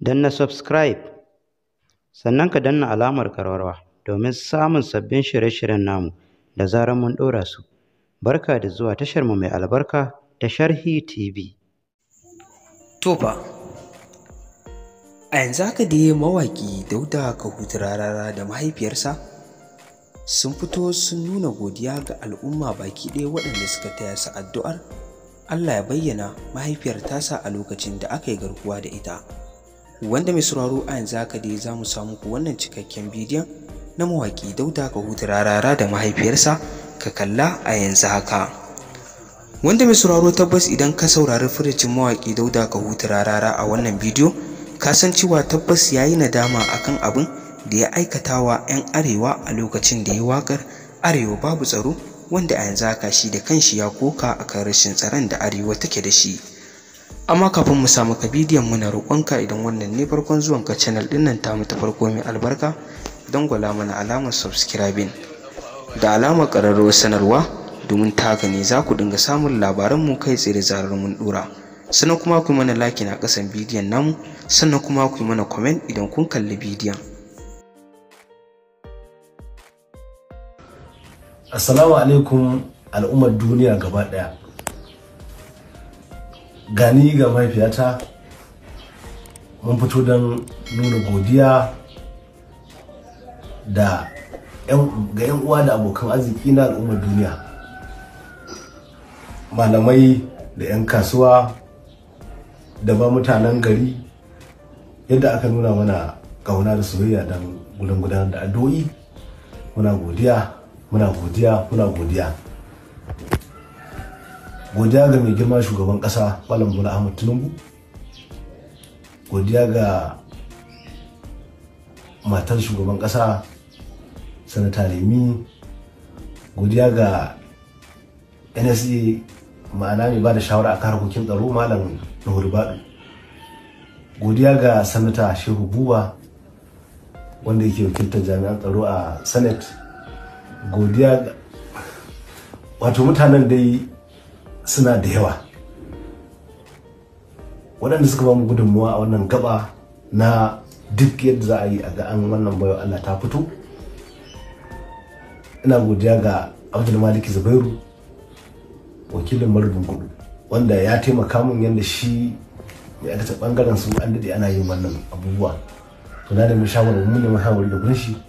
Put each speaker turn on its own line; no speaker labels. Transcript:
na subscribe sannan ka danna alamar karwarwa domin samun sabbin shirye-shiryen namu da zarar mun ɗora su. Barka da zuwa tashar mu mai albarka ta Sharhi TV. Tofa a yanzu haka dai mawaƙi Dauda hutu Rarara da mahaifiyarsa sun fito sun nuna godiya ga al'umma baki ɗaya waɗanda suka taya su addu'ar Allah ya bayyana mahaifiyar tasa a lokacin da aka yi garkuwa da ita. wanda mai sauraro a yanzu haka dai za mu samu ku wannan cikakken bidiyon na mawaƙi dauda ka hutu rarara da mahaifiyarsa ka kalla a yanzu haka wanda mai sauraro tabbas idan ka saurari furucin mawaƙi dauda ka hutu rarara a wannan bidiyo ka san cewa tabbas ya yi nadama akan abin da ya aikata wa 'yan arewa a lokacin da ya wakar arewa babu tsaro wanda a yanzu haka shi da kanshi ya koka akan rashin tsaron da arewa take da shi amma kafin mu samu ka bidiyon mu na roƙonka idan wannan ne farkon zuwan ka channel din nan tamu ta farko mai albarka don gwala mana alamar subscribing da alamar ƙararrawar sanarwa domin ta gani za ku dinga samun labaran mu kai tsaye da zarar mun dora sannan kuma ku mana like na ƙasan bidiyon namu sannan kuma ku mana comment idan kun kalli bidiyon
Assalamu alaikum al'ummar duniya gaba ɗaya gani ga mahaifiyata mun fito don nuna godiya da ga 'yan uwa da abokan arziki na al'ummar duniya malamai da 'yan kasuwa da ba mutanen gari yadda aka nuna mana ƙauna da soyayya don gudan gudanar da addu'o'i muna godiya muna godiya muna godiya godiya ga mai girma shugaban kasa malam bola ahmad tinubu godiya ga matar shugaban kasa sanata lemi godiya ga nsa ma'ana mai ba da shawara a harkokin tsaro malam nuhur baɗu godiya ga sanata shehu buba wanda yake wakiltar jami'an tsaro a senate godiya ga wato mutanen dai suna da yawa waɗanda suka ba mu gudunmuwa a wannan gaba na duk yadda za a yi a ga an wannan bayo Allah ta fito ina godiya ga abdul maliki zubairu wakilin marubin kudu wanda ya taimaka min yadda shi mai aka ta bangaren su an daɗe ana yin wannan abubuwa to na da mu shawarar mu ne mu da gunshi